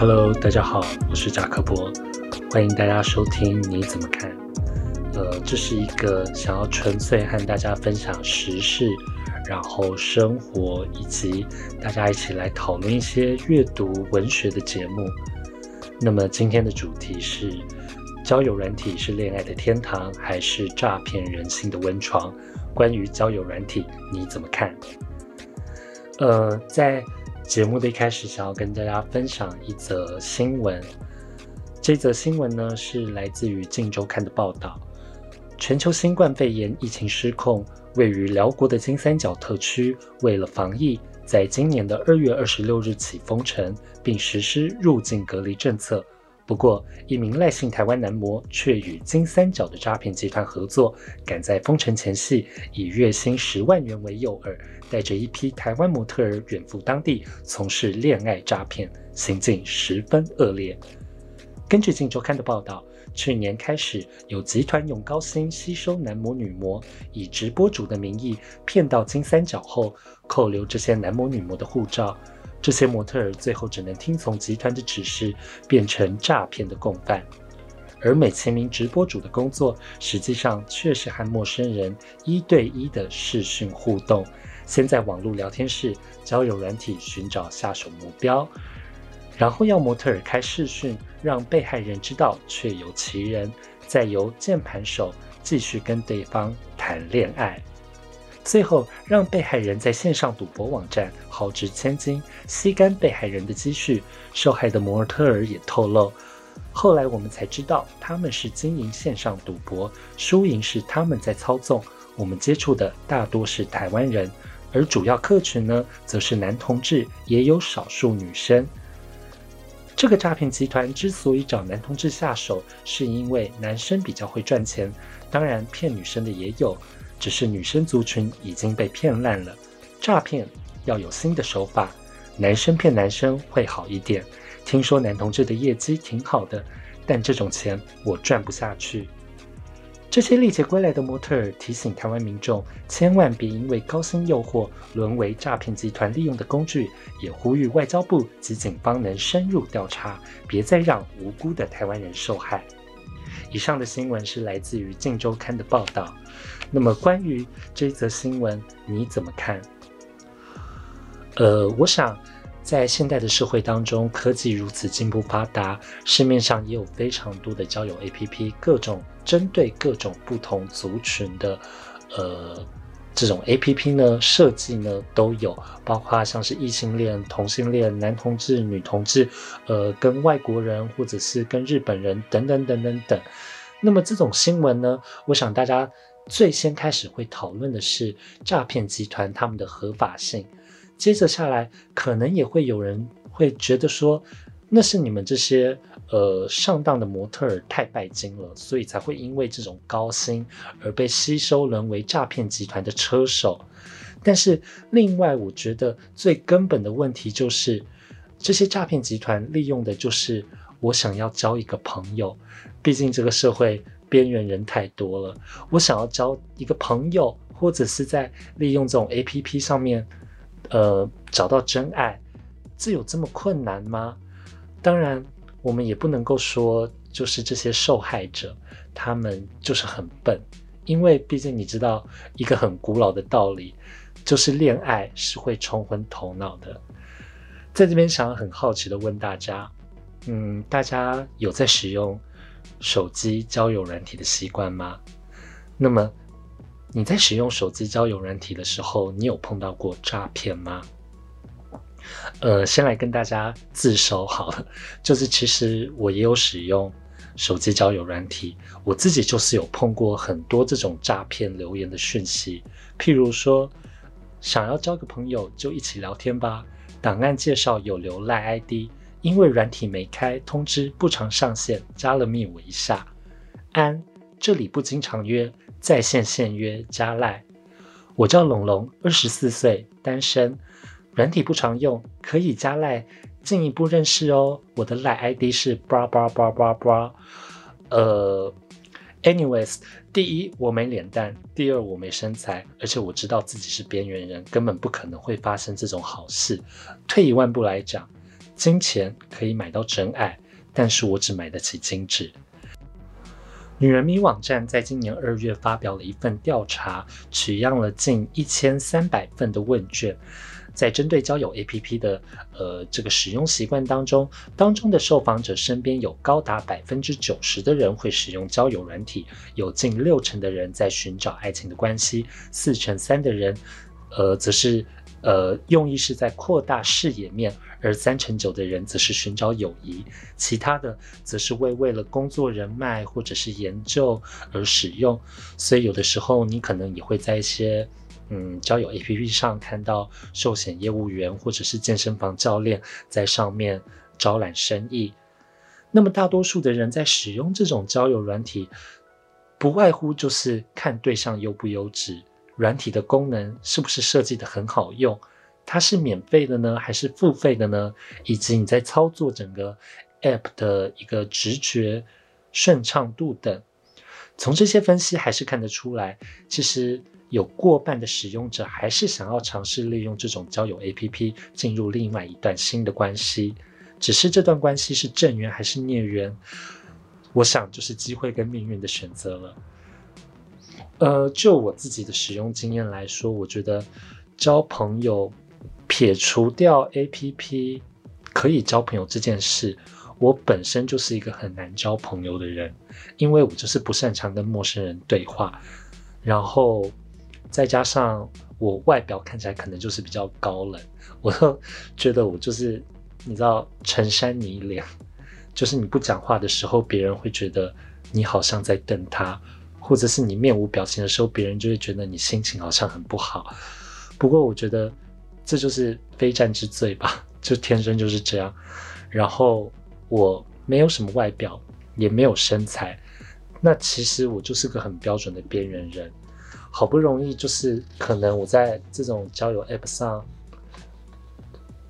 哈嘍，大家好，我是賈克伯，歡迎大家收聽。你怎麼看？呃，這是一個想要純粹和大家分享時事，然後生活以及大家一起來討論一些閱讀文學的節目。那麼今天的主題是：交友軟體是戀愛的天堂，還是詐騙人心的溫床？關於交友軟體，你怎麼看？呃，在。節目的一開始，想要跟大家分享一則新聞。這則新聞呢，是來自於《鏡周刊》的報道。全球新冠肺炎疫情失控，位於寮國的金三角特區，為了防疫，在今年的二月二十六日起封城，並實施入境隔離政策。不過，一名賴姓台灣男模卻與金三角的詐騙集團合作，趕在封城前夕，以月薪十萬元為誘餌，帶着一批台灣模特兒遠赴當地從事戀愛詐騙，行徑十分惡劣。根據《今周刊》的報道，去年開始，有集團用高薪吸收男模女模，以直播主的名義騙到金三角後，扣留這些男模女模的護照。這些模特兒最後只能聽從集團的指示，變成詐騙的共犯。而美其名直播主的工作，實際上卻是和陌生人一對一的視訊互動。先在網絡聊天室、交友軟體尋找下手目標，然後要模特兒開視訊，讓被害人知道確有其人，再由鍵盤手繼續跟對方談戀愛。最後讓被害人在線上賭博網站，豪擲千金，吸乾被害人的積蓄。受害的模特兒也透露，後來我們才知道他們是經營線上賭博，輸贏是他們在操縱。我們接觸的大多是台灣人，而主要客群呢，則是男同志，也有少數女生。這個詐騙集團之所以找男同志下手，是因為男生比較會賺錢，當然騙女生的也有。只是女生族群已經被騙爛了，詐騙要有新的手法，男生騙男生會好一點。聽說男同志的業績挺好的，但這種錢我賺不下去。這些歷劫歸來的模特兒提醒台灣民眾，千萬別因為高薪誘惑淪為詐騙集團利用的工具，也呼籲外交部及警方能深入調查，別再讓無辜的台灣人受害。以上的新聞是來自於《鏡週刊》的報道。那麼，關於這則新聞，你怎麼看？呃，我想，在現代的社會當中，科技如此進步發達，市面上也有非常多的交友 APP，各種針對各種不同族群的，呃。這種 APP 呢，設計呢都有，包括像是異性戀、同性戀、男同志、女同志，呃，跟外國人或者是跟日本人等等等等等。那麼這種新聞呢，我想大家最先開始會討論的是詐騙集團他們的合法性。接着下來可能也會有人會覺得說，那是你們這些。呃，上當的模特兒太拜金了，所以才會因為這種高薪而被吸收，淪為詐騙集團的車手。但是，另外我覺得最根本的問題就是，這些詐騙集團利用的就是我想要交一個朋友。畢竟這個社會邊緣人太多了，我想要交一個朋友，或者是在利用這種 APP 上面，呃，找到真愛，這有這麼困難嗎？當然。我們也不能夠說，就是這些受害者，他們就是很笨，因為畢竟你知道一個很古老的道理，就是戀愛是會沖昏頭腦的。在這邊想要很好奇的問大家，嗯，大家有在使用手機交友軟體的習慣嗎？那麼你在使用手機交友軟體的時候，你有碰到過詐騙嗎？呃，先來跟大家自首好了，就是其實我也有使用手機交友軟體，我自己就是有碰過很多這種詐騙留言的訊息，譬如說想要交個朋友就一起聊天吧，檔案介紹有留賴 ID，因為軟體沒開，通知不常上線，加了密我一下，安，這裡不經常約，在線現約加賴，我叫龍龍，二十四歲，單身。軟體不常用，可以加賴進一步認識哦。我的賴 ID 是 bra bra bra bra, BRA。呃，anyways，第一，我沒臉蛋，第二，我沒身材，而且我知道自己是邊緣人，根本不可能會發生這種好事。退一萬步來講，金錢可以買到真愛，但是我只買得起金紙。女人迷網站在今年二月發表了一份調查，取樣了近一千三百份的問卷。在針對交友 APP 的呃這個使用習慣當中，當中的受訪者身邊有高達百分之九十的人會使用交友軟體，有近六成的人在尋找愛情的關係，四成三的人，呃，則是呃用意是在擴大視野面，而三成九的人則是尋找友誼，其他的則是為為了工作人脈或者是研究而使用，所以有的時候你可能也會在一些。嗯，交友 APP 上看到壽險業務員或者是健身房教練在上面招攬生意，那麼大多數的人在使用這種交友軟體，不外乎就是看對象優不優質，軟體的功能是不是設計得很好用，它是免費的呢，還是付費的呢，以及你在操作整個 App 的一個直覺、順暢度等。從這些分析還是看得出來，其實。有過半的使用者還是想要嘗試利用這種交友 APP 進入另外一段新的關係，只是這段關係是正緣還是孽緣，我想就是機會跟命運的選擇了。呃，就我自己的使用經驗來說，我覺得交朋友，撇除掉 APP 可以交朋友這件事，我本身就是一個很難交朋友的人，因為我就是不擅長跟陌生人對話，然後。再加上我外表看起來可能就是比較高冷，我都覺得我就是，你知道，成山一臉，就是你不講話的時候，別人會覺得你好像在瞪他，或者是你面無表情的時候，別人就會覺得你心情好像很不好。不過我覺得這就是非戰之罪吧，就天生就是這樣。然後我沒有什麼外表，也沒有身材，那其實我就是個很標準的邊緣人。好不容易就是可能我在這種交友 App 上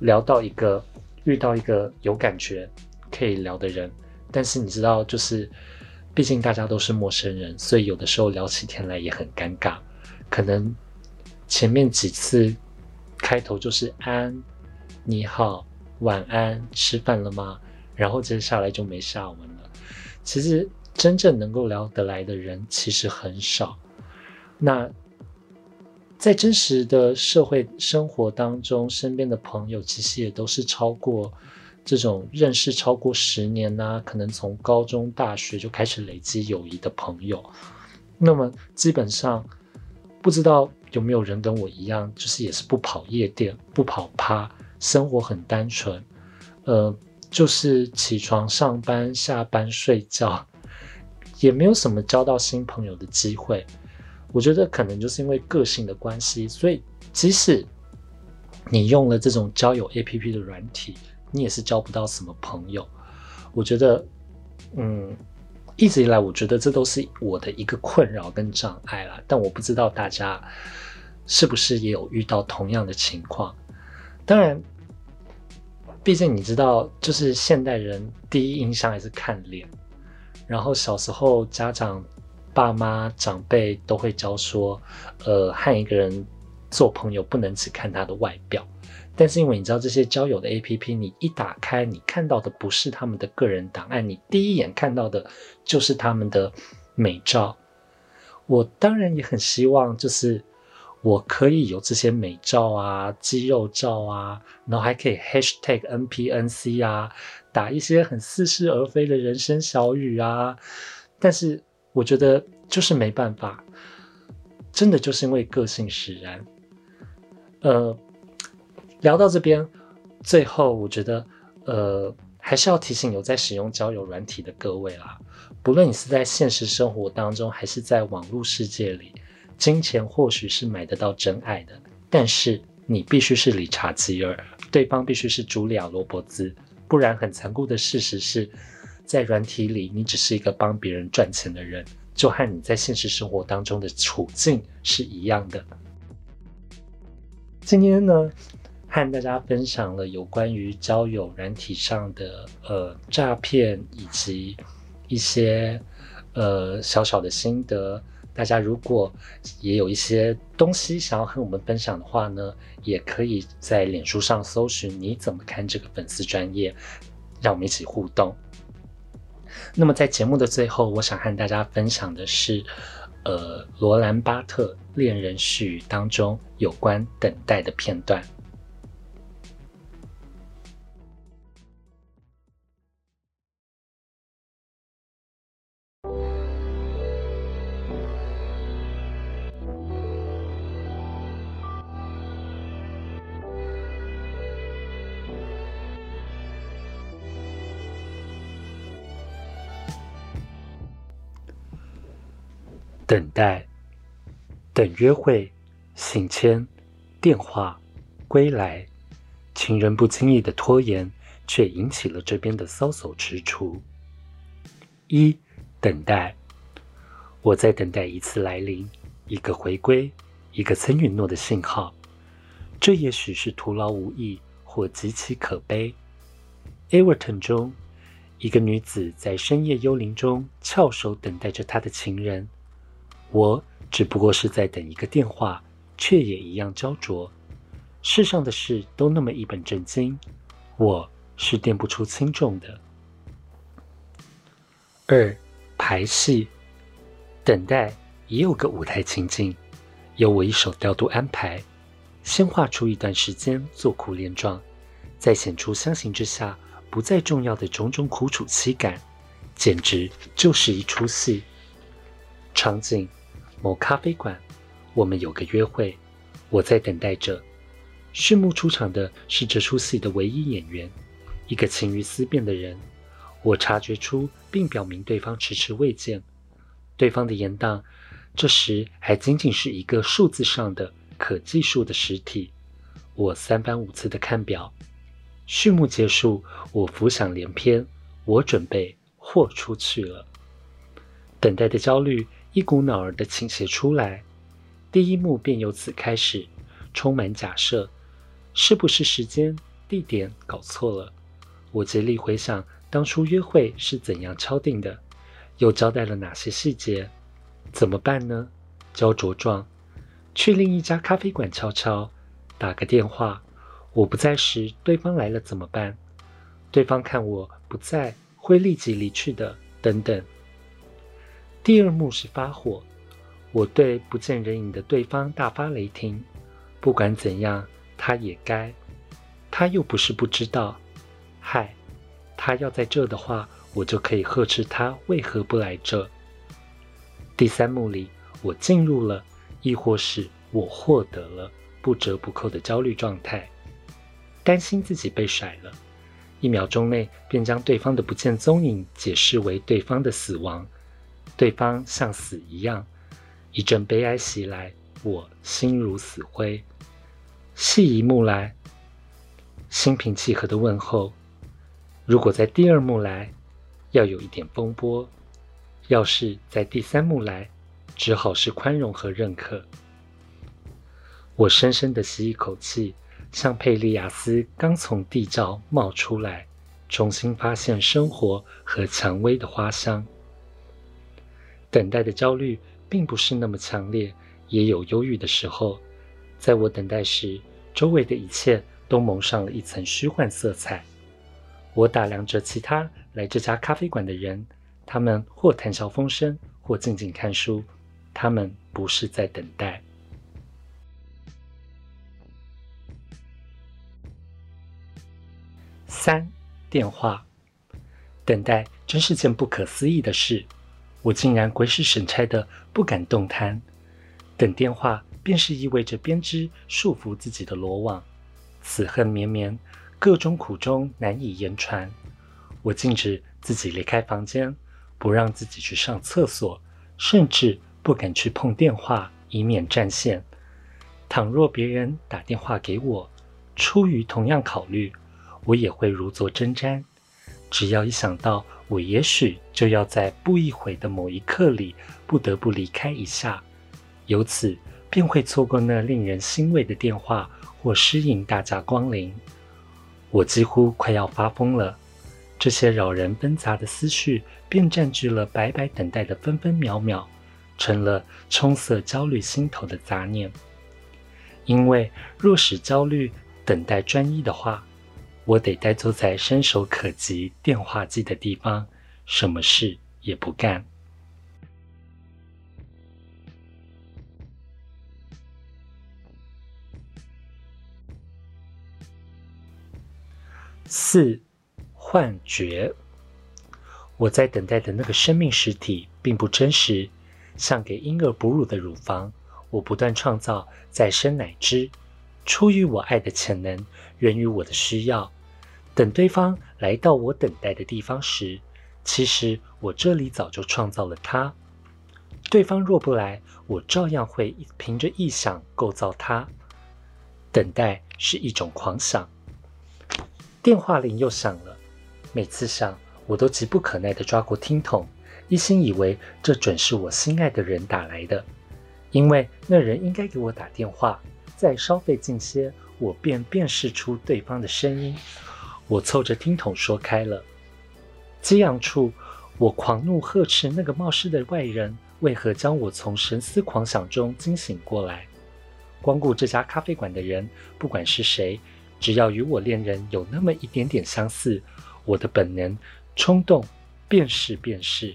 聊到一個遇到一個有感覺可以聊的人，但是你知道就是，畢竟大家都是陌生人，所以有的時候聊起天來也很尷尬。可能前面幾次開頭就是安、你好、晚安、吃飯了嗎？然後接下來就沒下文了。其實真正能夠聊得來的人其實很少。那在真實的社會生活當中，身邊的朋友其實也都是超過這種認識超過十年吶，可能從高中、大學就開始累積友誼的朋友。那麼基本上不知道有沒有人跟我一樣，就是也是不跑夜店、不跑趴，生活很單純，呃，就是起床上班、下班睡覺，也沒有什麼交到新朋友的機會。我覺得可能就是因為個性的關係，所以即使你用了這種交友 APP 的軟體，你也是交不到什麼朋友。我覺得，嗯，一直以來，我覺得這都是我的一個困擾跟障礙了。但我不知道大家是不是也有遇到同樣的情況。當然，畢竟你知道，就是現代人第一印象還是看臉，然後小時候家長。爸媽長輩都會教說，呃，和一個人做朋友不能只看他的外表。但是因為你知道這些交友的 APP，你一打開，你看到的不是他們的個人檔案，你第一眼看到的就是他們的美照。我當然也很希望，就是我可以有這些美照啊、肌肉照啊，然後還可以 hashtag NPNC 啊，打一些很似是而非的人生小語啊，但是。我覺得就是沒辦法，真的就是因為個性使然。呃，聊到這邊，最後我覺得，呃，還是要提醒有在使用交友軟體的各位啦，不論你是在現實生活當中，還是在網絡世界裡，金錢或許是買得到真愛的，但是你必須是理查基爾，對方必須是茱莉亞羅伯茲，不然很殘酷的事實是。在軟體裡，你只是一個幫別人賺錢的人，就和你在現實生活當中的處境是一樣的。今天呢，和大家分享了有關於交友軟體上的呃詐騙，以及一些呃小小的心得。大家如果也有一些東西想要和我們分享的話呢，也可以在臉書上搜尋你怎麼看這個粉絲專頁，讓我們一起互動。那麼在節目的最後，我想和大家分享的是，呃，羅蘭·巴特《戀人絮語》當中有關等待的片段。等待，等約會、信簽、電話、歸來，情人不經意的拖延，卻引起了這邊的搔首踟躕。一、等待，我在等待一次來臨，一個回歸，一個曾允諾的信號。這也許是徒勞無益，或極其可悲。Averton 中，一個女子在深夜幽林中翹首等待着她的情人。我只不過是在等一個電話，卻也一樣焦灼。世上的事都那麼一本正經，我是掂不出輕重的。二、排戲，等待也有個舞台情境，由我一手調度安排。先畫出一段時間做苦練狀，再顯出相形之下不再重要的種種苦楚期感，簡直就是一出戲，場景。某咖啡館，我們有個約會，我在等待着。序幕出場的是這出戲的唯一演員，一個勤於思辨的人。我察覺出並表明對方遲遲未見。對方的延宕，這時還僅僅是一個數字上的可計數的實體。我三番五次的看表。序幕結束，我浮想聯翩，我準備豁出去了。等待的焦慮。一股腦兒地傾瀉出來，第一幕便由此開始，充滿假設。是不是時間、地點搞錯了？我竭力回想當初約會是怎樣敲定的，又交代了哪些細節？怎麼辦呢？焦灼狀。去另一家咖啡館悄悄，打個電話。我不在時，對方來了怎麼辦？對方看我不在，會立即離去的。等等。第二幕是發火，我對不見人影的對方大發雷霆。不管怎樣，他也該，他又不是不知道。嗨，他要在這的話，我就可以呵斥他為何不來這。第三幕裡，我進入了，抑或是我獲得了不折不扣的焦慮狀態，擔心自己被甩了，一秒鐘內便將對方的不見蹤影解釋為對方的死亡。對方像死一樣，一陣悲哀襲來，我心如死灰。細一幕來，心平氣和的問候。如果在第二幕來，要有一點風波；要是在第三幕來，只好是寬容和認可。我深深的吸一口氣，像佩利亞斯剛從地窖冒出來，重新發現生活和薔薇的花香。等待的焦慮並不是那麼強烈，也有憂鬱的時候。在我等待時，周圍的一切都蒙上了一層虛幻色彩。我打量着其他來這家咖啡館的人，他們或談笑風生，或靜靜看書。他們不是在等待。三、電話。等待真是件不可思議的事。我竟然鬼使神差的不敢動彈，等電話便是意味着編織束縛自己的羅網，此恨綿綿，各種苦衷難以言傳。我禁止自己離開房間，不讓自己去上廁所，甚至不敢去碰電話，以免占線。倘若別人打電話給我，出於同樣考慮，我也會如坐針氈。只要一想到我也許就要在不一會的某一刻裡不得不離開一下，由此便會錯過那令人欣慰的電話或失迎大駕光臨，我幾乎快要發瘋了。這些擾人紛雜的思緒便佔據了白白等待的分分秒秒，成了充塞焦慮心頭的雜念。因為若使焦慮等待專一的話，我得呆坐在伸手可及電話機的地方，什麼事也不幹。四、幻覺，我在等待的那個生命實體並不真實，像給嬰兒哺乳的乳房，我不斷創造再生奶汁，出於我愛的潛能。源於我的需要。等對方來到我等待的地方時，其實我這裡早就創造了他。對方若不來，我照樣會憑着臆想構造他。等待是一種狂想。電話鈴又響了，每次響，我都急不可耐地抓過聽筒，一心以為這準是我心愛的人打來的，因為那人應該給我打電話，再稍費勁些。我便辨識出對方的聲音，我湊着聽筒說開了。激昂處，我狂怒呵斥那個冒失的外人，為何將我從神思狂想中驚醒過來？光顧這家咖啡館的人，不管是誰，只要與我戀人有那麼一點點相似，我的本能衝動，便是便是。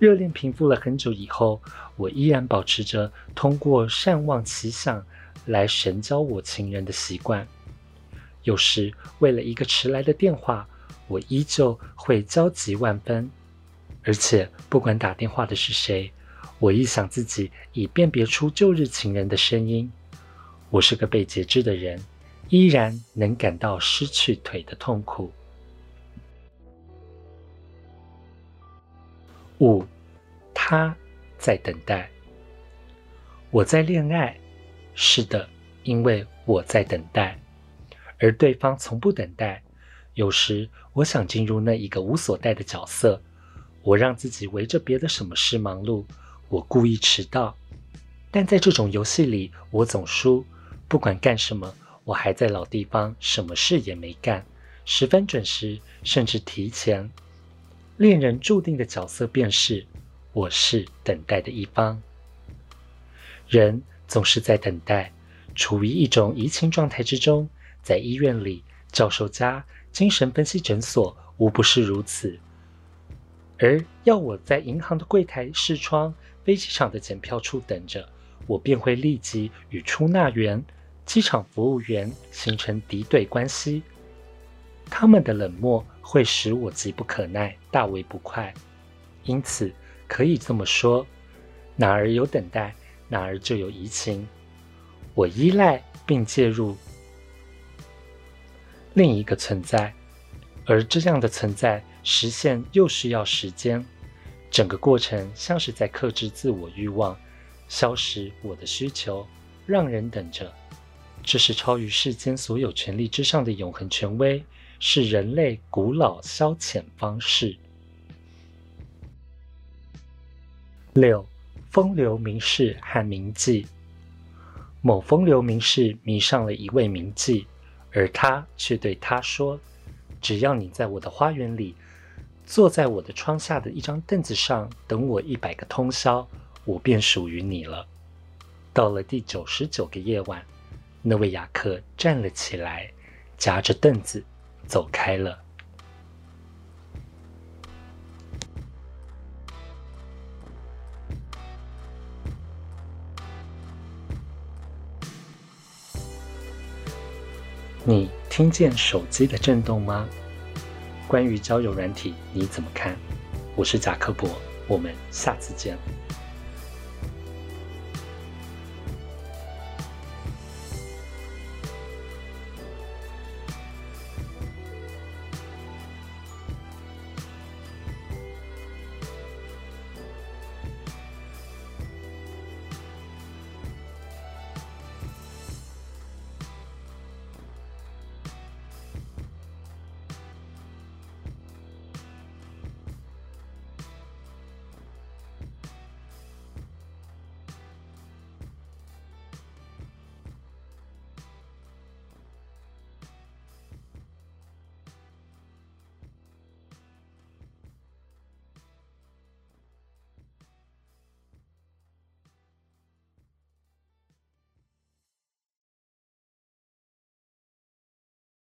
熱戀平復了很久以後，我依然保持着通過善忘奇想。來神交我情人的習慣，有時為了一個遲來的電話，我依舊會焦急萬分。而且不管打電話的是誰，我一想自己已辨別出舊日情人的聲音。我是個被截肢的人，依然能感到失去腿的痛苦。五，他在等待，我在戀愛。是的，因為我在等待，而對方從不等待。有時我想進入那一個無所待的角色，我讓自己圍着別的什麼事忙碌，我故意遲到。但在這種遊戲裡，我總輸。不管幹什麼，我還在老地方，什麼事也沒幹，十分準時，甚至提前。戀人注定的角色便是，我是等待的一方，人。總是在等待，處於一種移情狀態之中，在醫院裡、教授家、精神分析診所，無不是如此。而要我在銀行的櫃台、視窗、飛機場的檢票處等着，我便會立即與出納員、機場服務員形成敵對關係。他們的冷漠會使我急不可耐，大為不快。因此，可以這麼說，哪兒有等待，哪兒就有移情。我依賴並介入另一個存在，而這樣的存在實現又需要時間，整個過程像是在克制自我慾望，消蝕我的需求，讓人等着。這是超於世間所有權力之上的永恆權威，是人類古老消遣方式。六。風流名士和名妓，某風流名士迷上了一位名妓，而他卻對她說：“只要你在我的花園裡，坐在我的窗下的一張凳子上，等我一百個通宵，我便屬於你了。”到了第九十九個夜晚，那位雅客站了起來，夾着凳子走開了。你聽見手機的震動嗎？關於交友軟體，你怎麼看？我是賈科伯，我們下次見。